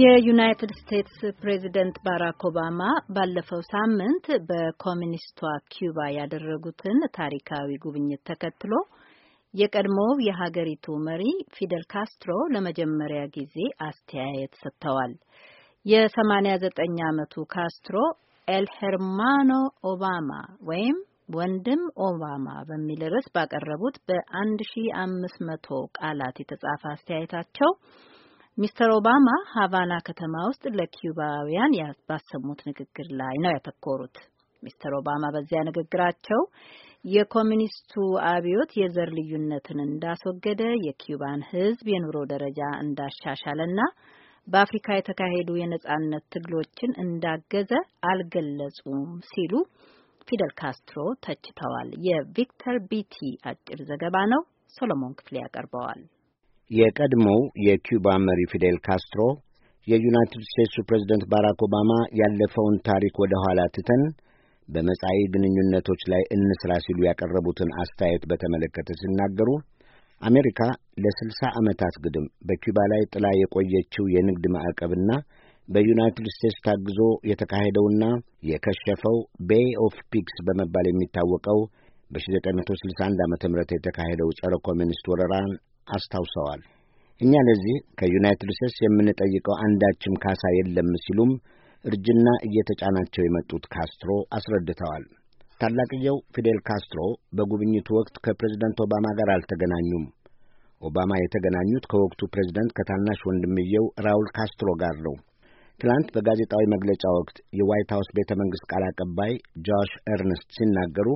የዩናይትድ ስቴትስ ፕሬዚደንት ባራክ ኦባማ ባለፈው ሳምንት በኮሚኒስቷ ኪዩባ ያደረጉትን ታሪካዊ ጉብኝት ተከትሎ የቀድሞው የሀገሪቱ መሪ ፊደል ካስትሮ ለመጀመሪያ ጊዜ አስተያየት ሰጥተዋል። የ89 ዓመቱ ካስትሮ ኤል ሄርማኖ ኦባማ ወይም ወንድም ኦባማ በሚል ርዕስ ባቀረቡት በ1500 ቃላት የተጻፈ አስተያየታቸው ሚስተር ኦባማ ሀቫና ከተማ ውስጥ ለኪዩባውያን ባሰሙት ንግግር ላይ ነው ያተኮሩት። ሚስተር ኦባማ በዚያ ንግግራቸው የኮሚኒስቱ አብዮት የዘር ልዩነትን እንዳስወገደ፣ የኪዩባን ሕዝብ የኑሮ ደረጃ እንዳሻሻለና በአፍሪካ የተካሄዱ የነጻነት ትግሎችን እንዳገዘ አልገለጹም ሲሉ ፊደል ካስትሮ ተችተዋል። የቪክተር ቢቲ አጭር ዘገባ ነው። ሶሎሞን ክፍሌ ያቀርበዋል። የቀድሞው የኪዩባ መሪ ፊዴል ካስትሮ፣ የዩናይትድ ስቴትሱ ፕሬዝደንት ባራክ ኦባማ ያለፈውን ታሪክ ወደ ኋላ ትተን በመጻኢ ግንኙነቶች ላይ እንስራ ሲሉ ያቀረቡትን አስተያየት በተመለከተ ሲናገሩ አሜሪካ ለስልሳ ዓመታት ግድም በኪዩባ ላይ ጥላ የቆየችው የንግድ ማዕቀብና በዩናይትድ ስቴትስ ታግዞ የተካሄደውና የከሸፈው ቤይ ኦፍ ፒክስ በመባል የሚታወቀው በ1961 ዓ ም የተካሄደው ጸረ ኮሚኒስት ወረራን አስታውሰዋል። እኛ ለዚህ ከዩናይትድ ስቴትስ የምንጠይቀው አንዳችም ካሳ የለም ሲሉም እርጅና እየተጫናቸው የመጡት ካስትሮ አስረድተዋል። ታላቅየው ፊዴል ካስትሮ በጉብኝቱ ወቅት ከፕሬዝደንት ኦባማ ጋር አልተገናኙም። ኦባማ የተገናኙት ከወቅቱ ፕሬዝደንት ከታናሽ ወንድምየው ራውል ካስትሮ ጋር ነው። ትናንት በጋዜጣዊ መግለጫ ወቅት የዋይት ሀውስ ቤተ መንግሥት ቃል አቀባይ ጆሽ ኤርንስት ሲናገሩ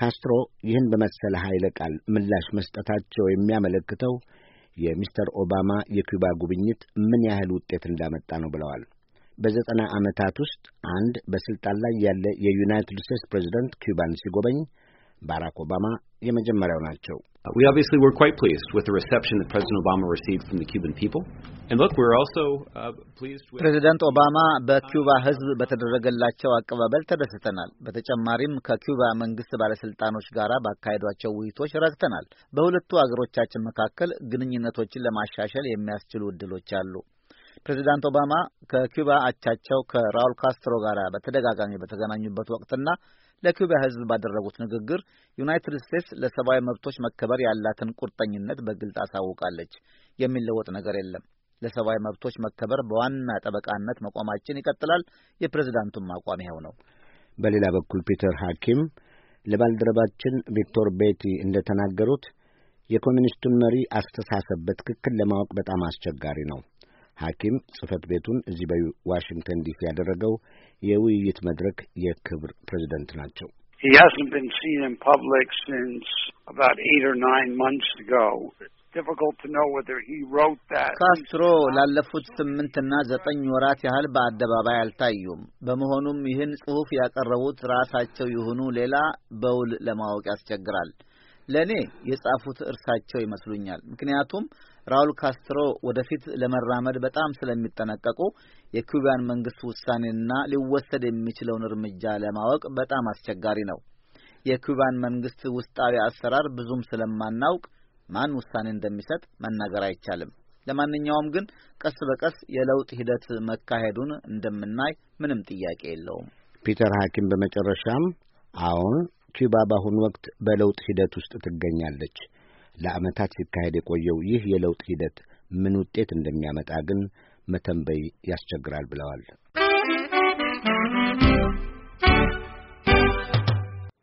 ካስትሮ ይህን በመሰለ ኃይለ ቃል ምላሽ መስጠታቸው የሚያመለክተው የሚስተር ኦባማ የኩባ ጉብኝት ምን ያህል ውጤት እንዳመጣ ነው ብለዋል። በዘጠና ዓመታት ውስጥ አንድ በሥልጣን ላይ ያለ የዩናይትድ ስቴትስ ፕሬዚደንት ኩባን ሲጎበኝ ባራክ ኦባማ የመጀመሪያው ናቸው። uh, We obviously were quite pleased with the reception that President Obama received from the Cuban people. And look, we're also uh, pleased with ኦባማ በኩባ ሕዝብ በተደረገላቸው አቀባበል ተደስተናል። በተጨማሪም ከኩባ መንግስት ባለስልጣኖች ጋር ባካሄዷቸው ውይይቶች ረክተናል። በሁለቱ አገሮቻችን መካከል ግንኙነቶችን ለማሻሻል የሚያስችሉ እድሎች አሉ። ፕሬዚዳንት ኦባማ ከኪዩባ አቻቸው ከራውል ካስትሮ ጋር በተደጋጋሚ በተገናኙበት ወቅትና ለኪዩባ ሕዝብ ባደረጉት ንግግር ዩናይትድ ስቴትስ ለሰብአዊ መብቶች መከበር ያላትን ቁርጠኝነት በግልጽ አሳውቃለች። የሚለወጥ ነገር የለም። ለሰብአዊ መብቶች መከበር በዋና ጠበቃነት መቆማችን ይቀጥላል። የፕሬዚዳንቱም አቋም ይኸው ነው። በሌላ በኩል ፒተር ሐኪም ለባልደረባችን ቪክቶር ቤቲ እንደተናገሩት የኮሚኒስቱን መሪ አስተሳሰብ በትክክል ለማወቅ በጣም አስቸጋሪ ነው። ሐኪም ጽህፈት ቤቱን እዚህ በዋሽንግተን ዲሲ ያደረገው የውይይት መድረክ የክብር ፕሬዚደንት ናቸው። ካስትሮ ላለፉት ስምንትና ዘጠኝ ወራት ያህል በአደባባይ አልታዩም። በመሆኑም ይህን ጽሑፍ ያቀረቡት ራሳቸው ይሁኑ ሌላ በውል ለማወቅ ያስቸግራል። ለእኔ የጻፉት እርሳቸው ይመስሉኛል። ምክንያቱም ራውል ካስትሮ ወደፊት ለመራመድ በጣም ስለሚጠነቀቁ የኩባን መንግስት ውሳኔና ሊወሰድ የሚችለውን እርምጃ ለማወቅ በጣም አስቸጋሪ ነው። የኩባን መንግስት ውስጣዊ አሰራር ብዙም ስለማናውቅ ማን ውሳኔ እንደሚሰጥ መናገር አይቻልም። ለማንኛውም ግን ቀስ በቀስ የለውጥ ሂደት መካሄዱን እንደምናይ ምንም ጥያቄ የለውም። ፒተር ሐኪም በመጨረሻም አሁን ኪዩባ በአሁኑ ወቅት በለውጥ ሂደት ውስጥ ትገኛለች። ለዓመታት ሲካሄድ የቆየው ይህ የለውጥ ሂደት ምን ውጤት እንደሚያመጣ ግን መተንበይ ያስቸግራል ብለዋል።